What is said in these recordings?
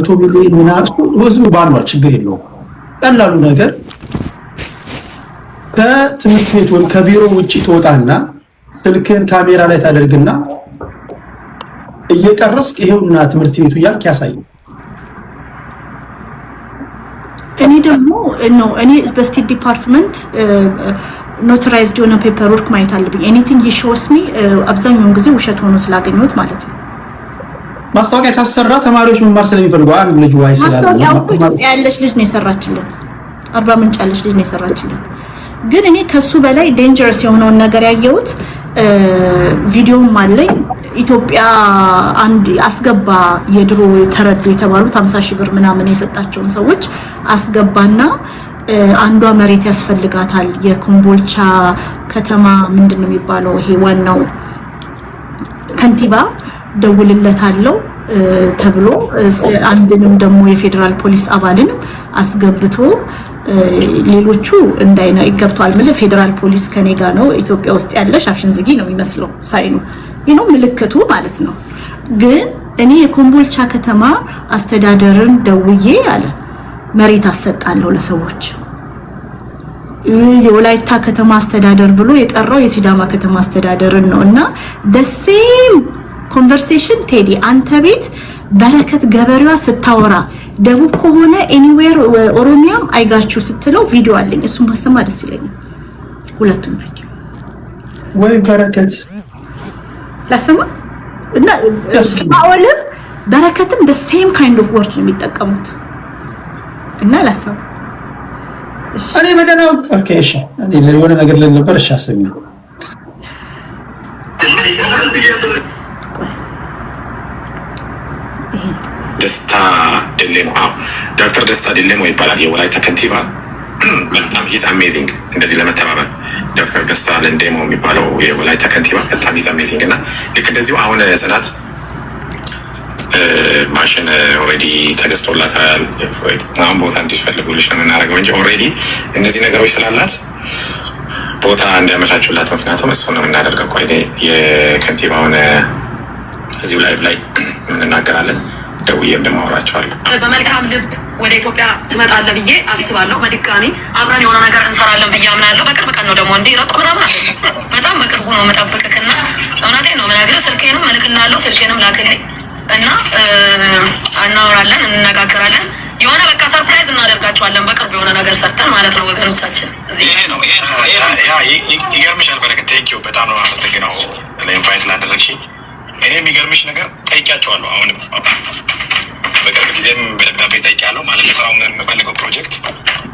መቶ ሚሊዮን ምናሱ ህዝቡ ባሏል ችግር የለውም። ቀላሉ ነገር ከትምህርት ቤት ወይም ከቢሮ ውጭ ትወጣና ስልክህን ካሜራ ላይ ታደርግና እየቀረስክ ይሄውና ትምህርት ቤቱ እያልክ ያሳይ። እኔ ደግሞ ነው እኔ በስቴት ዲፓርትመንት ኖትራይዝድ የሆነ ፔፐር ወርክ ማየት አለብኝ። ኤኒቲንግ ይሾስሚ አብዛኛውን ጊዜ ውሸት ሆኖ ስላገኘሁት ማለት ነው ማስታወቂያ ካሰራ ተማሪዎች መማር ስለሚፈልጉ አንድ ልጅ ዋይ ስላለ ማስታወቂያ ያለች ልጅ ነው የሰራችለት፣ አርባ ምንጭ ያለች ልጅ ነው የሰራችለት። ግን እኔ ከሱ በላይ ዴንጀረስ የሆነውን ነገር ያየሁት ቪዲዮም አለኝ። ኢትዮጵያ አንድ አስገባ የድሮ ተረዱ የተባሉት ሀምሳ ሺህ ብር ምናምን የሰጣቸውን ሰዎች አስገባና አንዷ መሬት ያስፈልጋታል የኮምቦልቻ ከተማ ምንድን ነው የሚባለው ይሄ ዋናው ከንቲባ ደውልለታለው ተብሎ አንድንም ደግሞ የፌዴራል ፖሊስ አባልንም አስገብቶ ሌሎቹ እንዳይነ ይገብተዋል ምለ ፌዴራል ፖሊስ ከኔ ጋ ነው ኢትዮጵያ ውስጥ ያለ ሻፍሽን ዝጊ ነው የሚመስለው ሳይኑ ይህ ነው ምልክቱ ማለት ነው። ግን እኔ የኮምቦልቻ ከተማ አስተዳደርን ደውዬ አለ መሬት አሰጣለሁ ለሰዎች የወላይታ ከተማ አስተዳደር ብሎ የጠራው የሲዳማ ከተማ አስተዳደርን ነው እና ደሴም ኮንቨርሴሽን ቴዲ አንተ ቤት በረከት ገበሬዋ ስታወራ ደቡብ ከሆነ ኤኒዌር ኦሮሚያም አይጋችሁ ስትለው ቪዲዮ አለኝ። እሱ ማሰማ ደስ ይለኛል። ሁለቱም ቪዲዮ ወይ በረከት ላሰማ እና ማወልም በረከትም በሴም ካይንድ ኦፍ ወርድ ነው የሚጠቀሙት እና ላሰማ እኔ በደህና ኦኬ። እሺ እኔ የሆነ ነገር ልል ነበር። እሺ አሰሚ ደስታ ደሌሞ ዶክተር ደስታ ደሌሞ ይባላል። የወላይታ ከንቲባ በጣም ኢዝ አሜዚንግ እንደዚህ ለመተባበር ዶክተር ደስታ ደሌሞ የሚባለው የወላይታ ከንቲባ በጣም ኢዝ አሜዚንግ እና ልክ እንደዚሁ አሁን ጽናት ማሽን ኦልሬዲ ተገዝቶላታል። አሁን ቦታ እንዲፈልጉልሽ ነው የምናደርገው እንጂ ኦልሬዲ እነዚህ ነገሮች ስላላት ቦታ እንዲያመቻቹላት ምክንያቱም እሱ ነው የምናደርገው። ቆይ የከንቲባውን እዚሁ ላይቭ ላይ እንናገራለን። ደውዬም ደግሞ አወራቸዋለሁ። በመልካም ልብ ወደ ኢትዮጵያ ትመጣለህ ብዬ አስባለሁ። በድጋሚ አብረን የሆነ ነገር እንሰራለን ብዬ አምናለሁ። በቅርብ ቀን ነው ደግሞ እንዲ ረቁ ምናምን በጣም በቅርቡ ነው መጠብቅክና እውነቴ ነው ምናግር ስልኬንም መልክናለሁ። ስልኬንም ላክልኝ እና እናወራለን፣ እንነጋገራለን። የሆነ በቃ ሰርፕራይዝ እናደርጋቸዋለን። በቅርብ የሆነ ነገር ሰርተን ማለት ነው ወገኖቻችን። ይሄ ነው ይሄ ነው ይገርምሻል። በረከት ቴንኪው በጣም ነው አመሰግነው ለኢንቫይት ላደረግሽኝ እኔ የሚገርምሽ ነገር ጠይቂያቸዋለሁ። አሁን በቅርብ ጊዜም በደብዳቤ ጠይቂያለሁ ማለት ለስራው የምፈልገው ፕሮጀክት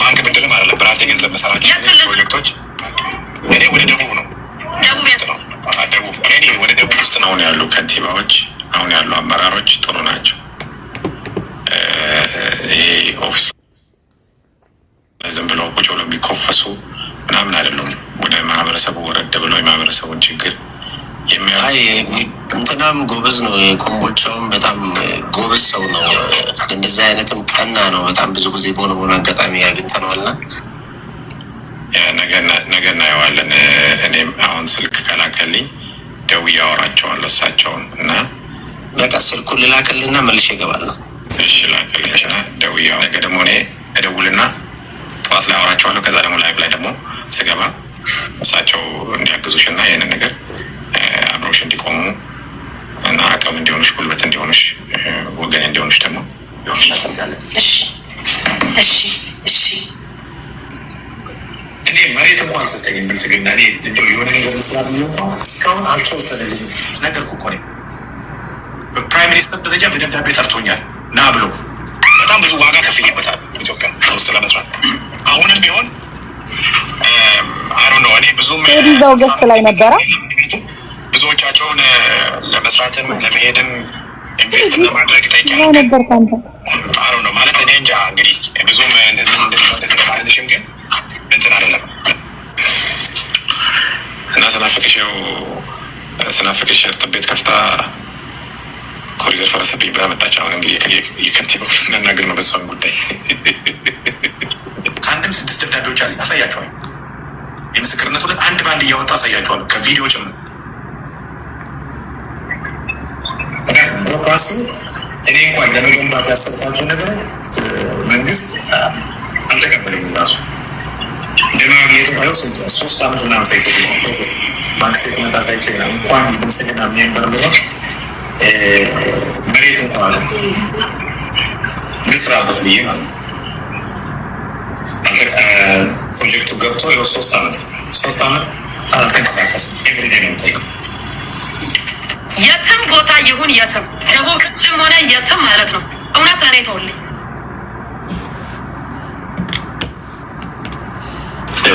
ባንክ ብድርም አይደለም በራሴ ገንዘብ መሰራቸው ፕሮጀክቶች እኔ ወደ ደቡብ ነው ደቡብ ወደ ደቡብ ውስጥ ነው አሁን ያሉ ከንቲባዎች፣ አሁን ያሉ አመራሮች ጥሩ ናቸው። ይሄ ኦፊስ ዝም ብለው ቁጭ ብለው የሚኮፈሱ ምናምን አይደሉም። ወደ ማህበረሰቡ ወረድ ብለው የማህበረሰቡን ችግር እንትናም ጎበዝ ነው። የኮምቦልቻውም በጣም ጎበዝ ሰው ነው። እንደዚህ አይነትም ቀና ነው። በጣም ብዙ ጊዜ በሆነ በሆነ አጋጣሚ አግኝተነዋልና ነገ እናየዋለን። እኔም አሁን ስልክ ከላከልኝ ደውዬ አወራቸዋለሁ እሳቸውን እና በቃ ስልኩን ልላክልና መልሼ እገባለሁ። እሺ ላክልኝና ደውዬ ነገ ደግሞ እኔ እደውልና ጠዋት ላይ አወራቸዋለሁ። ከዛ ደግሞ ላይፍ ላይ ደግሞ ስገባ እሳቸው እንዲያግዙሽ እና ይህንን ነገር አብሮሽ እንዲቆሙ እና አቅም እንዲሆኑሽ፣ ጉልበት እንዲሆኑሽ፣ ወገን እንዲሆኑሽ ደግሞ እኔ መሬት እንኳን ሰጠኝ ብልጽግና እኔ እንደው የሆነ ነገር ስላለ እስካሁን አልተወሰደልኝም። ነገር እኮ በፕራይም ሚኒስተር ደረጃ በደብዳቤ ጠርቶኛል ና ብሎ በጣም ብዙ ዋጋ ከፍዬበታል ኢትዮጵያ ውስጥ ለመስራት አሁንም ቢሆን አሮ ነው እኔ ብዙም ገስት ላይ ነበረ ቪዲዮዎቻቸውን ለመስራትም ለመሄድም ኢንቨስት ለማድረግ ጠይቄያለሁ። አሮ ነው ማለት እኔ እንጃ እንግዲህ ብዙም እንደዚህ እንደዚህ ለማለትሽም ግን እንትን አይደለም እና ስናፍቅሽው ስናፍቅሽ እርጥብ ቤት ከፍታ ኮሪደር ፈረሰብኝ ብላ መጣች። አሁን እንግዲህ የከንቲባው እናናግር ነው በሷን ጉዳይ ከአንድም ስድስት ደብዳቤዎች አለ አሳያቸዋል። የምስክርነት ሁለት አንድ በአንድ እያወጣ አሳያቸዋል ከቪዲዮ ጭምር ቢሮክራሲ እኔ እንኳን ለመገንባት ያሰብኳቸው ነገር መንግስት አልተቀበለኝ ራሱ ሶስት አመት ና ሳይተ ባንክ ስቴትመንት አሳይቼ እንኳን ብልጽግና የሚያንበርብረ መሬት እንኳን ልስራበት ብዬ ማለት ፕሮጀክቱ ገብቶ ሶስት አመት ሶስት አመት አልተንቀሳቀስም። ኤቭሪዴ ነው ጠይቀው የትም ቦታ ይሁን የትም ደቡብ ክልልም ሆነ የትም ማለት ነው። እውነት ነው ተውልኝ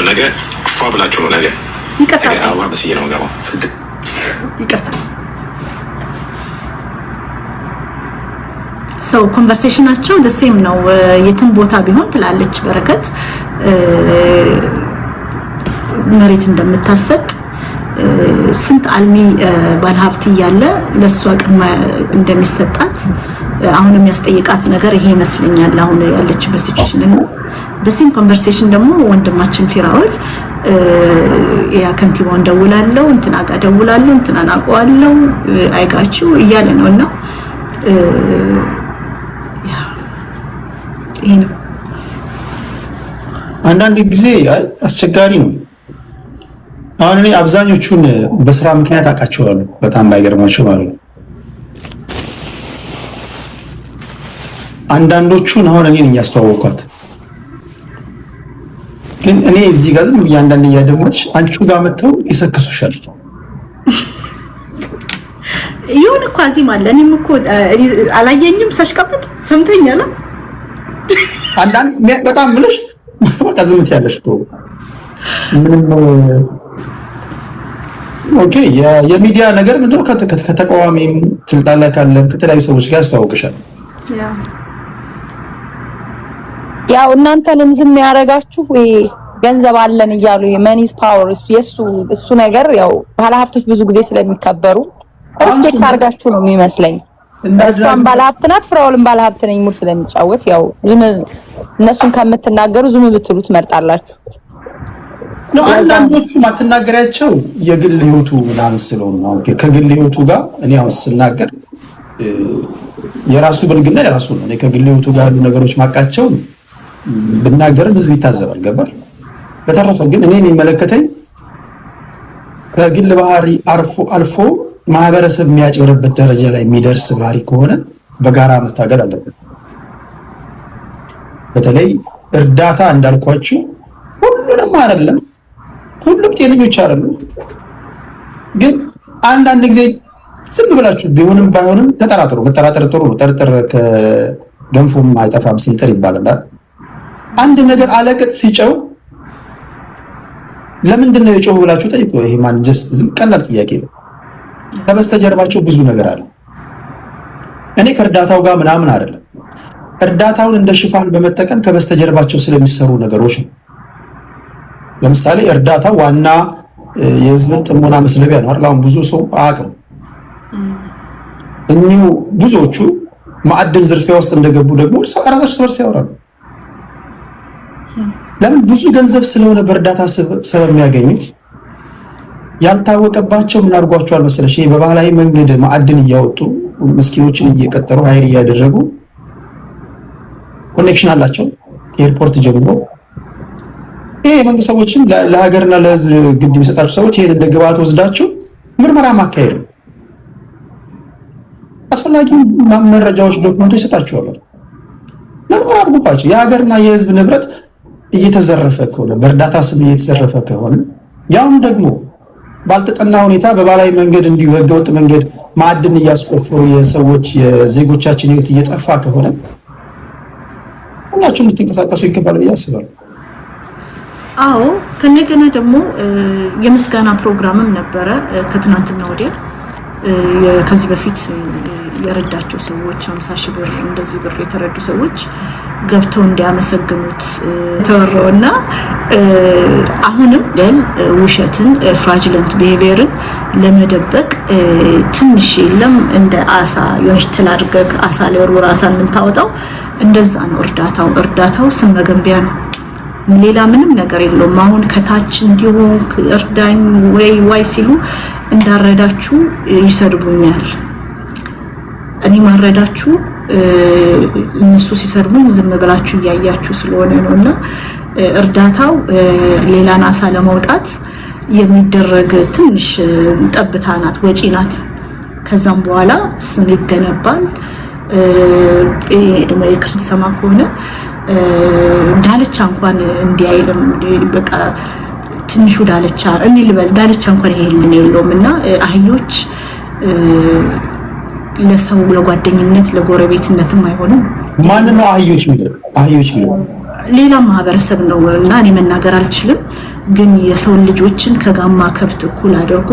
ነገ ፏ ብላችሁ ነው። ነገ አበባ በስዬ ነው ገባ ሰው ኮንቨርሴሽናቸው ደሴም ነው። uh, የትም ቦታ ቢሆን ትላለች በረከት uh, መሬት እንደምታሰጥ ስንት አልሚ ባለሀብት እያለ ለእሷ ቅድመ እንደሚሰጣት አሁን የሚያስጠይቃት ነገር ይሄ ይመስለኛል። አሁን ያለችበት ሲቹዌሽን ነው። በሴም ኮንቨርሴሽን ደግሞ ወንድማችን ፊራውል ያ ከንቲባውን ደውላለሁ እንትና ጋር ደውላለሁ እንትና አይጋችሁ እያለ ነው እና ይሄ ነው አንዳንድ ጊዜ አስቸጋሪ ነው። አሁን እኔ አብዛኞቹን በስራ ምክንያት አውቃቸዋለሁ። በጣም ባይገርማቸው ማለት ነው። አንዳንዶቹን አሁን እኔን እያስተዋወቋት ግን እኔ እዚህ ጋር ዝም እያንዳንድ እያደመጥሽ አንቺ ጋር መጥተው ይሰክሱሻል። ይሁን እኮ እዚህም አለ። እኔም እኮ አላየኝም ሳሽቀብጥ ሰምተኛል። አንዳንድ በጣም ምልሽ በቃ ዝምት ያለሽ ምንም ኦኬ የሚዲያ ነገር ምንድነው? ከተቃዋሚም ስልጣን ላይ ካለም ከተለያዩ ሰዎች ጋር ያስተዋውቅሻል። ያው እናንተንም ዝም ያደረጋችሁ ገንዘብ አለን እያሉ መኒስ ፓወር የሱ እሱ ነገር ያው ባለሀብቶች ብዙ ጊዜ ስለሚከበሩ ሪስፔክት አድርጋችሁ ነው የሚመስለኝ። እሷም ባለሀብት ናት፣ ፍራውልም ባለሀብት ነኝ ሙር ስለሚጫወት ያው እነሱን ከምትናገሩ ዝም ብትሉ ትመርጣላችሁ። አንዳንዶቹ ማትናገሪያቸው የግል ህይወቱ ምናምን ስለሆኑ ነው። ከግል ህይወቱ ጋር እኔ አሁን ስናገር የራሱ ብልግና የራሱ ነው። እኔ ከግል ህይወቱ ጋር ያሉ ነገሮች ማቃቸው ብናገርም ህዝብ ይታዘባል። ገባል። በተረፈ ግን እኔ የሚመለከተኝ ከግል ባህሪ አልፎ ማህበረሰብ የሚያጭበረበት ደረጃ ላይ የሚደርስ ባህሪ ከሆነ በጋራ መታገል አለብን። በተለይ እርዳታ እንዳልኳችሁ ሁሉንም አይደለም። ሁሉም ጤነኞች አይደሉ። ግን አንዳንድ ጊዜ ዝም ብላችሁ ቢሆንም ባይሆንም ተጠራጥሩ። መጠራጠር ጥሩ ነው። ማይጠፋም ከገንፎም አይጠፋም ስንጥር ይባላል። አንድ ነገር አለቅጥ ሲጨው ለምንድን ነው የጮህ ብላችሁ ጠይቁ። ይሄ ማን ጀስት ዝም ቀላል ጥያቄ ነው። ከበስተጀርባቸው ብዙ ነገር አለ። እኔ ከእርዳታው ጋር ምናምን አይደለም። እርዳታውን እንደ ሽፋን በመጠቀም ከበስተጀርባቸው ስለሚሰሩ ነገሮች ነው ለምሳሌ እርዳታ ዋና የህዝብን ጥሞና መስለቢያ ነው። አሁን ብዙ ሰው አያውቅም። እኚሁ ብዙዎቹ ማዕድን ዝርፊያ ውስጥ እንደገቡ ደግሞ እርስ በርስ ያወራሉ። ለምን? ብዙ ገንዘብ ስለሆነ በእርዳታ ስለሚያገኙት ያልታወቀባቸው ምን አድርጓቸዋል መሰለሽ? በባህላዊ መንገድ ማዕድን እያወጡ ምስኪኖችን እየቀጠሩ ሀይር እያደረጉ ኮኔክሽን አላቸው ኤርፖርት ጀምሮ ይሄ የመንግስት ሰዎችም ለሀገርና ለህዝብ ግድ የሚሰጣቸው ሰዎች ይሄን እንደ ወስዳቸው ምርመራ ማካሄድ ነው። አስፈላጊ መረጃዎች፣ ዶክመንቶች ይሰጣቸዋሉ ምርመራ አድርጉባቸው። የሀገርና የህዝብ ንብረት እየተዘረፈ ከሆነ በእርዳታ ስም እየተዘረፈ ከሆነ ያውም ደግሞ ባልተጠና ሁኔታ በባህላዊ መንገድ እንዲሁ ህገወጥ መንገድ ማዕድን እያስቆፈሩ የሰዎች የዜጎቻችን ህይወት እየጠፋ ከሆነ ሁላችሁም ልትንቀሳቀሱ ይገባል ብዬ አስባለሁ። አዎ ከነገና ደግሞ የምስጋና ፕሮግራምም ነበረ ከትናንትና ወዲያ ከዚህ በፊት የረዳቸው ሰዎች ሀምሳ ሺህ ብር እንደዚህ ብር የተረዱ ሰዎች ገብተው እንዲያመሰግኑት ተወረው እና አሁንም ደል ውሸትን ፍራጅለንት ቢሄቪየርን ለመደበቅ ትንሽ የለም እንደ አሳ የሆነች ትል አድርገህ አሳ ላይ አሳ የምታወጣው እንደዛ ነው። እርዳታው እርዳታው ስም መገንቢያ ነው። ሌላ ምንም ነገር የለውም። አሁን ከታች እንዲሆን እርዳኝ ወይ ዋይ ሲሉ እንዳረዳችሁ ይሰድቡኛል። እኔ ማረዳችሁ እነሱ ሲሰድቡኝ ዝም ብላችሁ እያያችሁ ስለሆነ ነው እና እርዳታው ሌላን አሳ ለማውጣት የሚደረግ ትንሽ ጠብታ ናት፣ ወጪ ናት። ከዛም በኋላ ስም ይገነባል። ደግሞ የክርስት ሰማ ከሆነ ዳልቻ እንኳን እንዲያይልም በቃ ትንሹ ዳልቻ እኔ ልበል ዳልቻ እንኳን ይሄልን የለውም እና አህዮች ለሰው ለጓደኝነት ለጎረቤትነትም አይሆንም። ማን ነው አህዮች የሚለው? አህዮች የሚለው ሌላ ማህበረሰብ ነው እና እኔ መናገር አልችልም። ግን የሰውን ልጆችን ከጋማ ከብት እኩል አድርጎ